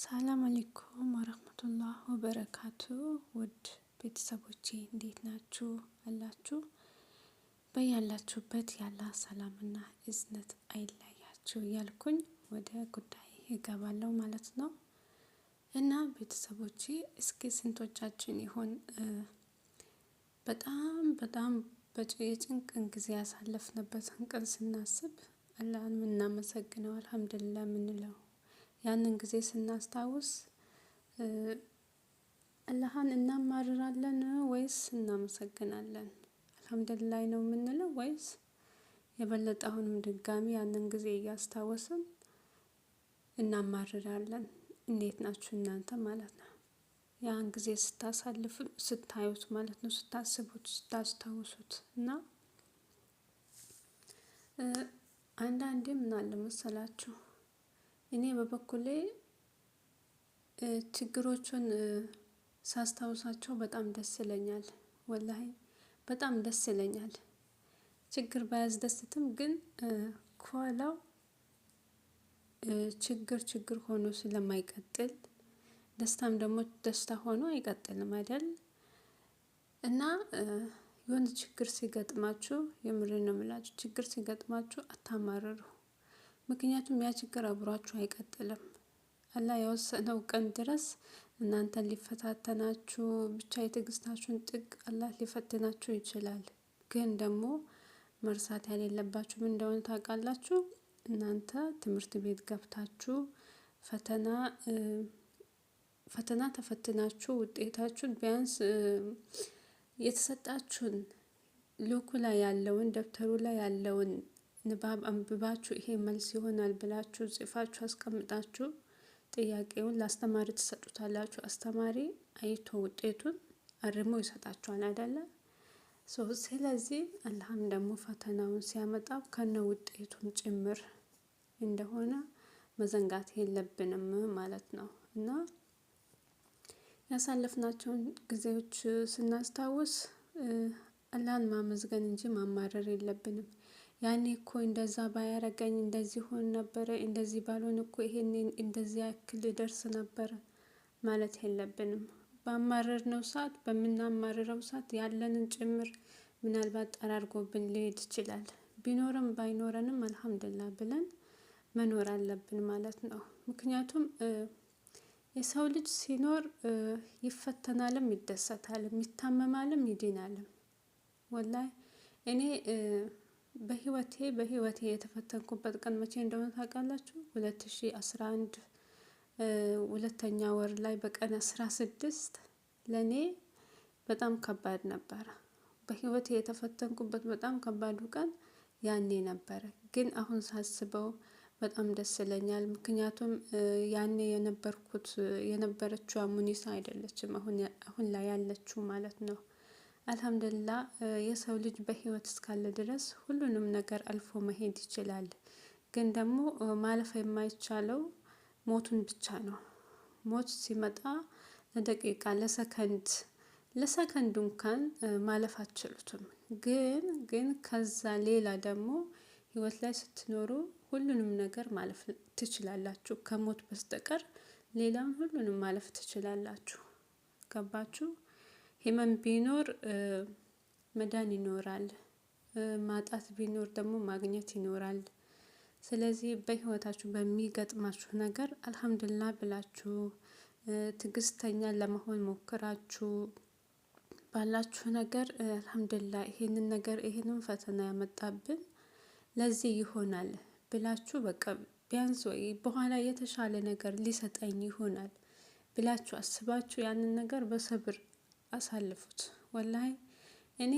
ሰላም አሌይኩም ወረህመቱላህ ወበረካቱ ውድ ቤተሰቦቼ እንዴት ናችሁ? አላችሁ በያላችሁበት ያላ ሰላምና እዝነት አይለያችሁ እያልኩኝ ወደ ጉዳይ እገባለሁ ማለት ነው። እና ቤተሰቦቼ እስኪ ስንቶቻችን ይሆን በጣም በጣም የጭንቅን ጊዜ ያሳለፍንበትን ቀን ስናስብ አላህን የምናመሰግነው አልሐምዱሊላህ የምንለው ያንን ጊዜ ስናስታውስ አላህን እናማርራለን ወይስ እናመሰግናለን? አልሐምዱሊላህ ነው የምንለው ወይስ የበለጠ አሁንም ድጋሚ ያንን ጊዜ እያስታወስን እናማርራለን? እንዴት ናችሁ እናንተ ማለት ነው። ያን ጊዜ ስታሳልፉ ስታዩት ማለት ነው ስታስቡት፣ ስታስታውሱት እና አንዳንዴ ምን አለ መሰላችሁ እኔ በበኩሌ ችግሮቹን ሳስታውሳቸው በጣም ደስ ይለኛል ወላሂ በጣም ደስ ይለኛል። ችግር ባያስደስትም ግን ከኋላው ችግር ችግር ሆኖ ስለማይቀጥል ደስታም ደግሞ ደስታ ሆኖ አይቀጥልም አይደል? እና የሆነ ችግር ሲገጥማችሁ የምሬን ነው የምላችሁ ችግር ሲገጥማችሁ አታማርሩ ምክንያቱም ያ ችግር አብሯችሁ አይቀጥልም። አላህ የወሰነው ቀን ድረስ እናንተን ሊፈታተናችሁ ብቻ የትዕግስታችሁን ጥግ አላህ ሊፈትናችሁ ይችላል። ግን ደግሞ መርሳት ያሌለባችሁ ምን እንደሆነ ታውቃላችሁ? እናንተ ትምህርት ቤት ገብታችሁ ፈተና ፈተና ተፈትናችሁ ውጤታችሁን ቢያንስ የተሰጣችሁን ልኩ ላይ ያለውን ደብተሩ ላይ ያለውን ንባብ አንብባችሁ ይሄ መልስ ይሆናል ብላችሁ ጽፋችሁ አስቀምጣችሁ ጥያቄውን ለአስተማሪ ትሰጡታላችሁ። አስተማሪ አይቶ ውጤቱን አርሞ ይሰጣችኋል አይደለ? ስለዚህ አላህም ደግሞ ፈተናውን ሲያመጣው ከነ ውጤቱም ጭምር እንደሆነ መዘንጋት የለብንም ማለት ነው እና ያሳለፍናቸውን ጊዜዎች ስናስታውስ አላህን ማመዝገን እንጂ ማማረር የለብንም። ያኔ እኮ እንደዛ ባያረገኝ እንደዚህ ሆን ነበረ እንደዚህ ባልሆን እኮ ይሄንን እንደዚህ ያክል ደርስ ነበረ ማለት የለብንም። ባማረርነው ሰዓት በምናማርረው ሰዓት ያለንን ጭምር ምናልባት ጠራርጎብን ሊሄድ ይችላል። ቢኖርም ባይኖረንም አልሐምድላ ብለን መኖር አለብን ማለት ነው። ምክንያቱም የሰው ልጅ ሲኖር ይፈተናልም፣ ይደሰታልም፣ ይታመማልም፣ ይድናልም። ወላይ እኔ በህይወቴ በህይወቴ የተፈተንኩበት ቀን መቼ እንደሆነ ታውቃላችሁ? ሁለት ሺ አስራ አንድ ሁለተኛ ወር ላይ በቀን አስራ ስድስት ለኔ በጣም ከባድ ነበረ። በህይወቴ የተፈተንኩበት በጣም ከባዱ ቀን ያኔ ነበረ። ግን አሁን ሳስበው በጣም ደስ ይለኛል። ምክንያቱም ያኔ የነበርኩት የነበረችው ሙኒሳ አይደለችም አሁን አሁን ላይ ያለችው ማለት ነው አልሐምዱሊላ የሰው ልጅ በህይወት እስካለ ድረስ ሁሉንም ነገር አልፎ መሄድ ይችላል። ግን ደግሞ ማለፍ የማይቻለው ሞቱን ብቻ ነው። ሞት ሲመጣ ለደቂቃ ለሰከንድ ለሰከንድ እንኳን ማለፍ አትችሉትም። ግን ግን ከዛ ሌላ ደግሞ ህይወት ላይ ስትኖሩ ሁሉንም ነገር ማለፍ ትችላላችሁ ከሞት በስተቀር ሌላውን ሁሉንም ማለፍ ትችላላችሁ። ገባችሁ ህመም ቢኖር መዳን ይኖራል። ማጣት ቢኖር ደግሞ ማግኘት ይኖራል። ስለዚህ በህይወታችሁ በሚገጥማችሁ ነገር አልሀምድላ ብላችሁ ትግስተኛ ለመሆን ሞክራችሁ ባላችሁ ነገር አልሀምድላ ይሄንን ነገር ይሄንን ፈተና ያመጣብን ለዚህ ይሆናል ብላችሁ በቃ ቢያንስ ወይ በኋላ የተሻለ ነገር ሊሰጠኝ ይሆናል ብላችሁ አስባችሁ ያንን ነገር በሰብር አሳልፉት። ወላይ እኔ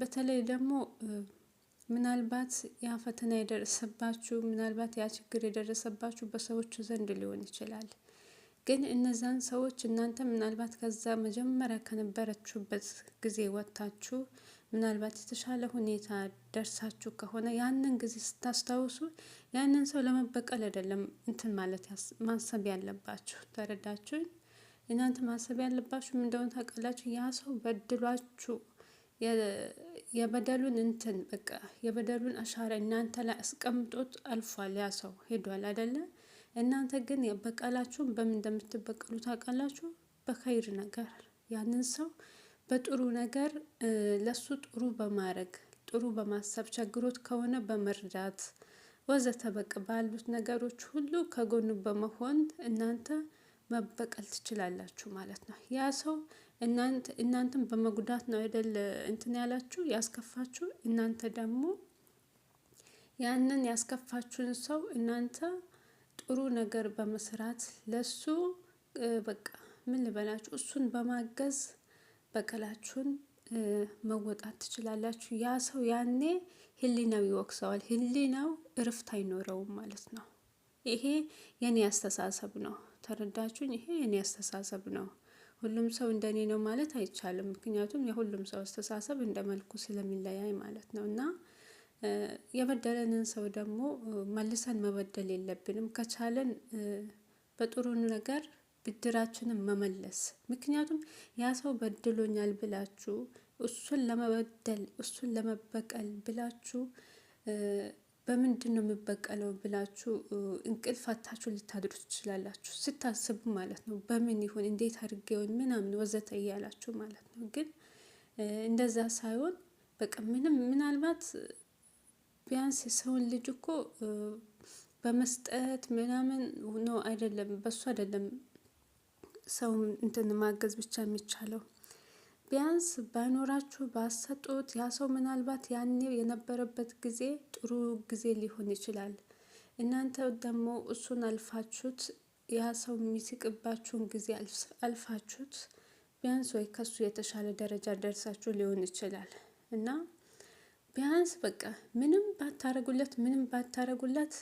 በተለይ ደግሞ ምናልባት ያ ፈተና የደረሰባችሁ ምናልባት ያ ችግር የደረሰባችሁ በሰዎች ዘንድ ሊሆን ይችላል። ግን እነዛን ሰዎች እናንተ ምናልባት ከዛ መጀመሪያ ከነበረችሁበት ጊዜ ወጥታችሁ ምናልባት የተሻለ ሁኔታ ደርሳችሁ ከሆነ ያንን ጊዜ ስታስታውሱ ያንን ሰው ለመበቀል አይደለም እንትን ማለት ማሰብ ያለባችሁ። ተረዳችሁኝ? እናንተ ማሰብ ያለባችሁ ምን እንደሆነ ታውቃላችሁ? ያ ሰው በድሏችሁ የበደሉን እንትን በቃ የበደሉን አሻራ እናንተ ላይ አስቀምጦት አልፏል። ያ ሰው ሄዷል አይደለ? እናንተ ግን በቀላችሁን በምን እንደምትበቀሉ ታውቃላችሁ? በኸይር ነገር ያንን ሰው በጥሩ ነገር ለሱ ጥሩ በማድረግ ጥሩ በማሰብ ቸግሮት ከሆነ በመርዳት ወዘተ በቅ ባሉት ነገሮች ሁሉ ከጎኑ በመሆን እናንተ መበቀል ትችላላችሁ ማለት ነው። ያ ሰው እናንተን በመጉዳት ነው አይደል እንትን ያላችሁ ያስከፋችሁ። እናንተ ደግሞ ያንን ያስከፋችሁን ሰው እናንተ ጥሩ ነገር በመስራት ለሱ በቃ ምን ልበላችሁ እሱን በማገዝ በቀላችሁን መወጣት ትችላላችሁ። ያ ሰው ያኔ ህሊናው ይወቅሰዋል፣ ህሊናው እርፍት አይኖረውም ማለት ነው። ይሄ የኔ አስተሳሰብ ነው። ከረዳችሁኝ ይሄ የኔ አስተሳሰብ ነው። ሁሉም ሰው እንደኔ ነው ማለት አይቻልም። ምክንያቱም የሁሉም ሰው አስተሳሰብ እንደ መልኩ ስለሚለያይ ማለት ነው እና የበደለንን ሰው ደግሞ መልሰን መበደል የለብንም። ከቻለን በጥሩ ነገር ብድራችንን መመለስ። ምክንያቱም ያ ሰው በድሎኛል ብላችሁ እሱን ለመበደል እሱን ለመበቀል ብላችሁ በምንድን ነው የምበቀለው ብላችሁ እንቅልፍ አታችሁ ልታድሩ ትችላላችሁ። ስታስቡ ማለት ነው። በምን ይሆን እንዴት አድርጌውን ምናምን ወዘተ እያላችሁ ማለት ነው። ግን እንደዛ ሳይሆን በቃ ምንም ምናልባት ቢያንስ የሰውን ልጅ እኮ በመስጠት ምናምን ነው አይደለም፣ በሱ አይደለም ሰው እንትን ማገዝ ብቻ የሚቻለው ቢያንስ ባይኖራችሁ ባሰጡት ያ ሰው ምናልባት ያኔ የነበረበት ጊዜ ጥሩ ጊዜ ሊሆን ይችላል። እናንተ ደግሞ እሱን አልፋችሁት ያ ሰው የሚስቅባችሁን ጊዜ አልፋችሁት ቢያንስ ወይ ከሱ የተሻለ ደረጃ ደርሳችሁ ሊሆን ይችላል እና ቢያንስ በቃ ምንም ባታረጉለት ምንም ባታረጉለት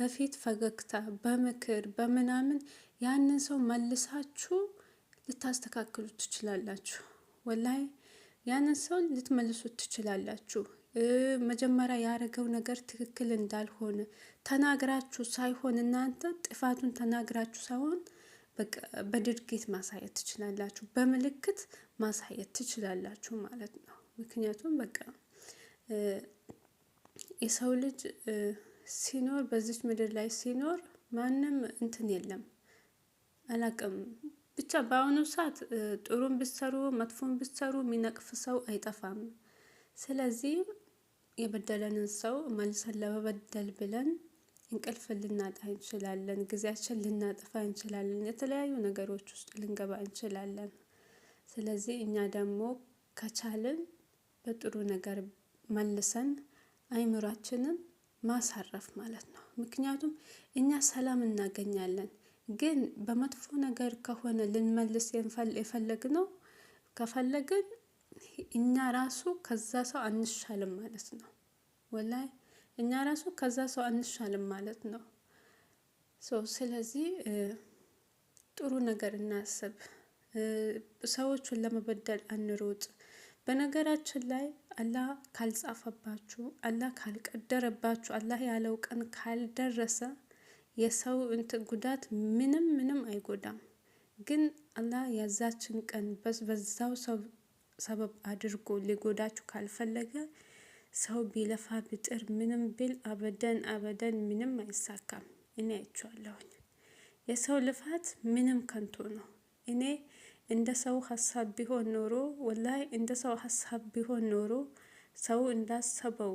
በፊት ፈገግታ በምክር በምናምን ያንን ሰው መልሳችሁ ልታስተካክሉት ትችላላችሁ። ወላይ ያንን ሰው ልትመልሱት ትችላላችሁ። መጀመሪያ ያደረገው ነገር ትክክል እንዳልሆነ ተናግራችሁ ሳይሆን እናንተ ጥፋቱን ተናግራችሁ ሳይሆን በድርጊት ማሳየት ትችላላችሁ፣ በምልክት ማሳየት ትችላላችሁ ማለት ነው። ምክንያቱም በቃ የሰው ልጅ ሲኖር በዚች ምድር ላይ ሲኖር ማንም እንትን የለም አላቅም ብቻ በአሁኑ ሰዓት ጥሩም ብሰሩ መጥፎም ብሰሩ የሚነቅፍ ሰው አይጠፋም። ስለዚህ የበደለንን ሰው መልሰን ለመበደል ብለን እንቅልፍ ልናጣ እንችላለን፣ ጊዜያችን ልናጠፋ እንችላለን፣ የተለያዩ ነገሮች ውስጥ ልንገባ እንችላለን። ስለዚህ እኛ ደግሞ ከቻልን በጥሩ ነገር መልሰን አይምሯችንን ማሳረፍ ማለት ነው። ምክንያቱም እኛ ሰላም እናገኛለን። ግን በመጥፎ ነገር ከሆነ ልንመልስ የፈለግነው ከፈለግን እኛ ራሱ ከዛ ሰው አንሻልም ማለት ነው። ወላይ እኛ ራሱ ከዛ ሰው አንሻልም ማለት ነው። ስለዚህ ጥሩ ነገር እናስብ፣ ሰዎቹን ለመበደል አንሮጥ። በነገራችን ላይ አላህ ካልጻፈባችሁ፣ አላህ ካልቀደረባችሁ፣ አላህ ያለው ቀን ካልደረሰ የሰው እንትን ጉዳት ምንም ምንም አይጎዳም። ግን አላህ ያዛችን ቀን በዛው ሰው ሰበብ አድርጎ ሊጎዳችሁ ካልፈለገ ሰው ቢለፋ ብጥር ምንም ቢል አበደን አበደን ምንም አይሳካም። እኔ አይቼዋለሁኝ። የሰው ልፋት ምንም ከንቱ ነው። እኔ እንደ ሰው ሀሳብ ቢሆን ኖሮ ወላይ እንደ ሰው ሀሳብ ቢሆን ኖሮ ሰው እንዳሰበው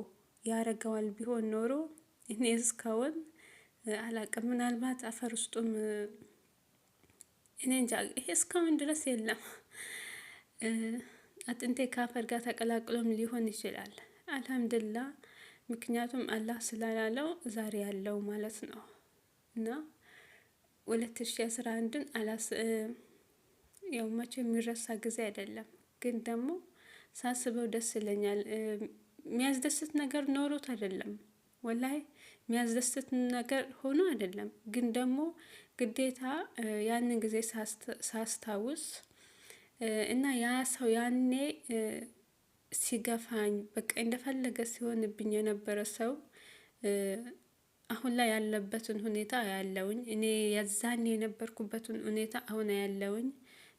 ያረገዋል ቢሆን ኖሮ እኔ እስካሁን አላውቅም ምናልባት አፈር ውስጡም እኔ እንጃ ይሄ እስካሁን ድረስ የለም። አጥንቴ ከአፈር ጋር ተቀላቅሎም ሊሆን ይችላል። አልሐምድላ ምክንያቱም አላህ ስላላለው ዛሬ ያለው ማለት ነው። እና ሁለት ሺ አስራ አንድን አላስ ያው መቼ የሚረሳ ጊዜ አይደለም፣ ግን ደግሞ ሳስበው ደስ ይለኛል። የሚያስደስት ነገር ኖሮት አይደለም ወላይ የሚያስደስት ነገር ሆኖ አይደለም፣ ግን ደግሞ ግዴታ ያንን ጊዜ ሳስታውስ እና ያ ሰው ያኔ ሲገፋኝ በቃ እንደፈለገ ሲሆንብኝ የነበረ ሰው አሁን ላይ ያለበትን ሁኔታ ያለውኝ እኔ የዛኔ የነበርኩበትን ሁኔታ አሁን ያለውኝ።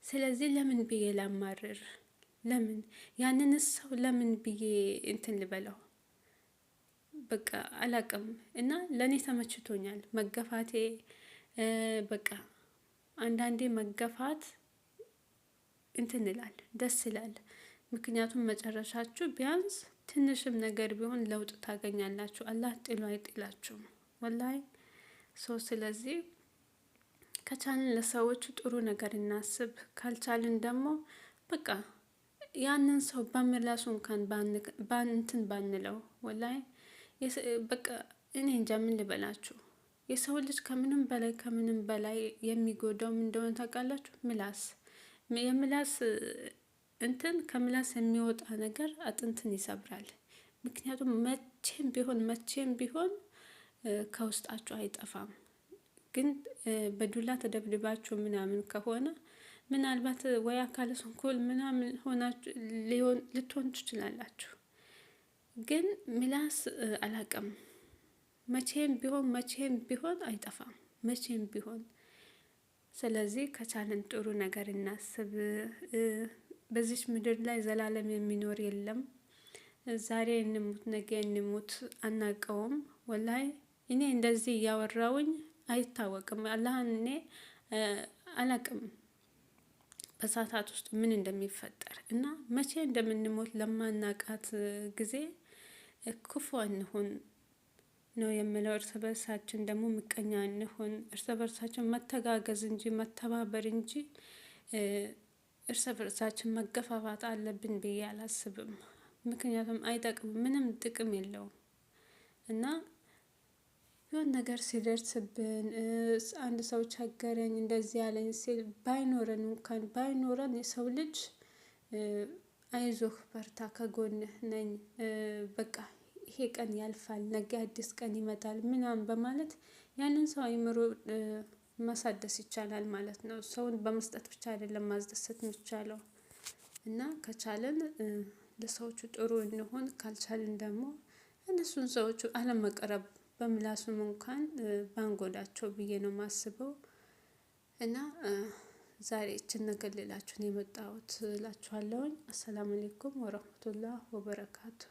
ስለዚህ ለምን ብዬ ላማርር? ለምን ያንን ሰው ለምን ብዬ እንትን ልበለው? በቃ አላቅም እና ለእኔ ተመችቶኛል መገፋቴ። በቃ አንዳንዴ መገፋት እንትን ይላል ደስ ይላል። ምክንያቱም መጨረሻችሁ ቢያንስ ትንሽም ነገር ቢሆን ለውጥ ታገኛላችሁ። አላህ ጥሎ አይጥላችሁም ወላይ ሶ ስለዚህ ከቻልን ለሰዎች ጥሩ ነገር እናስብ፣ ካልቻልን ደግሞ በቃ ያንን ሰው በምላሱ እንኳን ባንትን ባንለው ወላይ በቃ እኔ እንጃ ምን ልበላችሁ። የሰው ልጅ ከምንም በላይ ከምንም በላይ የሚጎዳው ምን እንደሆነ ታውቃላችሁ? ምላስ የምላስ እንትን ከምላስ የሚወጣ ነገር አጥንትን ይሰብራል። ምክንያቱም መቼም ቢሆን መቼም ቢሆን ከውስጣችሁ አይጠፋም። ግን በዱላ ተደብድባችሁ ምናምን ከሆነ ምናልባት ወይ አካለ ስንኩል ምናምን ሆናችሁ ሊሆን ልትሆን ትችላላችሁ። ግን ሚላስ አላቅም። መቼም ቢሆን መቼም ቢሆን አይጠፋም፣ መቼም ቢሆን ስለዚህ ከቻልን ጥሩ ነገር እናስብ። በዚች ምድር ላይ ዘላለም የሚኖር የለም። ዛሬ እንሙት ነገ እንሙት አናቀውም። ወላይ እኔ እንደዚህ እያወራውኝ አይታወቅም። አላህን እኔ አላቅም በሳታት ውስጥ ምን እንደሚፈጠር እና መቼ እንደምንሞት ለማናቃት ጊዜ ክፉ እንሁን ነው የምለው። እርስ በርሳችን ደግሞ ምቀኛ እንሁን። እርስ በርሳችን መተጋገዝ እንጂ መተባበር እንጂ እርስ በርሳችን መገፋፋት አለብን ብዬ አላስብም። ምክንያቱም አይጠቅም፣ ምንም ጥቅም የለውም እና የሆነ ነገር ሲደርስብን አንድ ሰው ቸገረኝ እንደዚህ ያለኝ ሲል ባይኖረን እንኳን ባይኖረን የሰው ልጅ አይዞህ በርታ፣ ከጎንህ ነኝ፣ በቃ ይሄ ቀን ያልፋል፣ ነገ አዲስ ቀን ይመጣል ምናምን በማለት ያንን ሰው አይምሮ ማሳደስ ይቻላል ማለት ነው። ሰውን በመስጠት ብቻ አይደለም ማስደሰት የሚቻለው እና ከቻለን ለሰዎቹ ጥሩ እንሆን፣ ካልቻልን ደግሞ እነሱን ሰዎቹ አለመቅረብ በምላሱም እንኳን ባንጎዳቸው ብዬ ነው ማስበው እና ዛሬ እችን ነገር ሌላችሁን የመጣሁት እላችኋለሁኝ። አሰላሙ አሌይኩም ወረህመቱላህ ወበረካቱ